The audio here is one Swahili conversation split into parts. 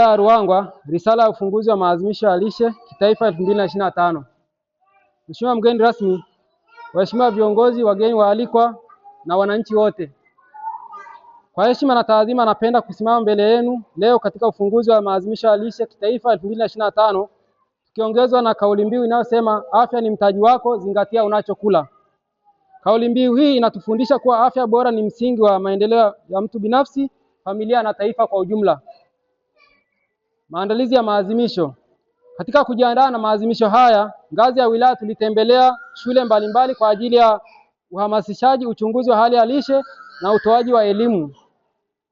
ya Ruangwa, risala ya ufunguzi wa maadhimisho ya lishe kitaifa 2025. Mheshimiwa mgeni rasmi, waheshimiwa viongozi, wageni waalikwa na wananchi wote, kwa heshima na taadhima, napenda kusimama mbele yenu leo katika ufunguzi wa maadhimisho ya lishe kitaifa 2025, tukiongezwa na kauli mbiu inayosema afya ni mtaji wako, zingatia unachokula. Kauli mbiu hii inatufundisha kuwa afya bora ni msingi wa maendeleo ya mtu binafsi, familia na taifa kwa ujumla. Maandalizi ya maazimisho. Katika kujiandaa na maazimisho haya, ngazi ya wilaya tulitembelea shule mbalimbali kwa ajili ya uhamasishaji, uchunguzi wa hali ya lishe na utoaji wa elimu.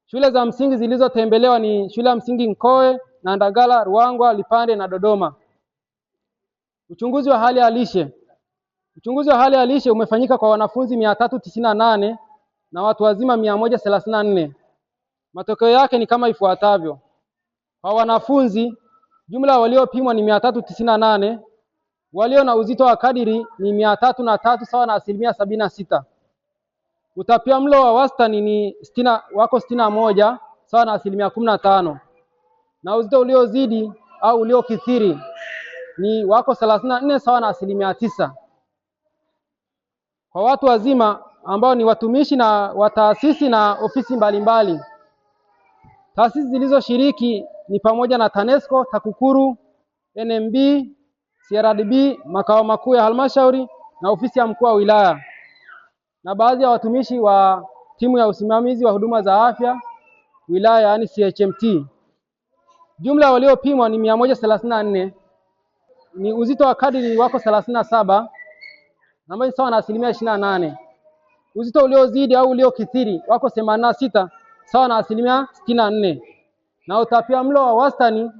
Shule za msingi zilizotembelewa ni shule ya msingi Nkoe, ndagala Ruangwa, Lipande na Dodoma. Uchunguzi wa hali ya lishe. Uchunguzi wa hali ya lishe umefanyika kwa wanafunzi 398 na nane na watu wazima mia moja nne. Matokeo yake ni kama ifuatavyo. Kwa wanafunzi jumla waliopimwa ni mia tatu tisini na nane walio na uzito wa kadiri ni mia tatu na tatu sawa na asilimia sabini na sita. Utapia mlo wa wastani ni stina, wako sitini na moja sawa na asilimia kumi na tano na uzito uliozidi au uliokithiri ni wako thelathini na nne sawa na asilimia tisa. Kwa watu wazima ambao ni watumishi na wataasisi na ofisi mbalimbali, taasisi zilizoshiriki ni pamoja na TANESCO, TAKUKURU, NMB, CRDB, makao makuu ya halmashauri na ofisi ya mkuu wa wilaya na baadhi ya watumishi wa timu ya usimamizi wa huduma za afya wilaya yaani CHMT. Jumla waliopimwa ni 134. ni uzito wa kadiri wako 37 na ambayo ni sawa na asilimia 28. uzito uliozidi au uliokithiri wako 86 sawa na asilimia 64 na utapia mlo wa wastani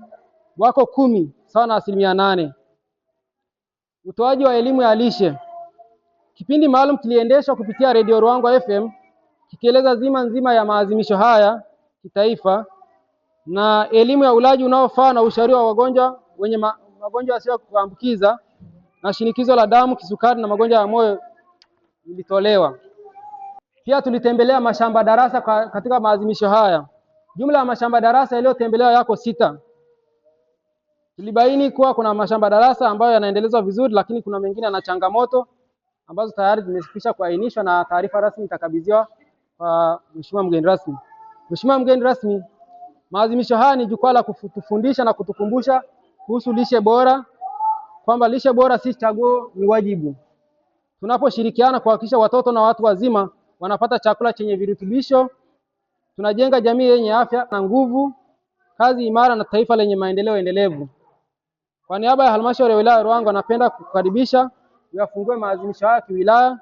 wako kumi sawa na asilimia nane. Utoaji wa elimu ya lishe, kipindi maalum kiliendeshwa kupitia redio Ruangwa FM kikieleza zima nzima ya maadhimisho haya kitaifa na elimu ya ulaji unaofaa na ushauri wa wagonjwa wenye ma, magonjwa yasiyo kuambukiza na shinikizo la damu, kisukari na magonjwa ya moyo ilitolewa. Pia tulitembelea mashamba darasa katika maadhimisho haya. Jumla ya mashamba darasa yaliyotembelewa yako sita. Tulibaini kuwa kuna mashamba darasa ambayo yanaendelezwa vizuri, lakini kuna mengine yana changamoto ambazo tayari zimekwisha kuainishwa na taarifa rasmi itakabidhiwa kwa mheshimiwa mgeni rasmi. Mheshimiwa mgeni rasmi, maadhimisho haya ni jukwaa la kutufundisha na kutukumbusha kuhusu lishe bora, kwamba lishe bora si chaguo, ni wajibu. Tunaposhirikiana kuhakikisha watoto na watu wazima wanapata chakula chenye virutubisho Tunajenga jamii yenye afya na nguvu kazi imara na taifa lenye maendeleo endelevu. Kwa niaba ya halmashauri ya wilaya Ruangwa, napenda kukaribisha uyafungue maadhimisho haya kiwilaya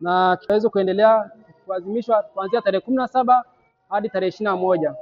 na kiweze kuendelea kuadhimishwa kuanzia tarehe kumi na saba hadi tarehe ishirini na moja.